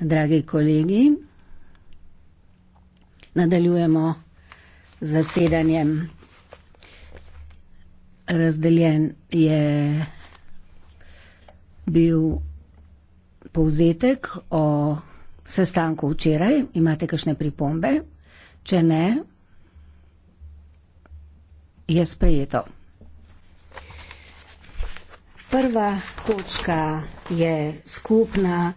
Dragi kolegi, nadaljujemo z zasedanjem. Razdeljen je bil povzetek o sestanku včeraj. Imate kakšne pripombe? Če ne, je sprejeto prva točka je skupna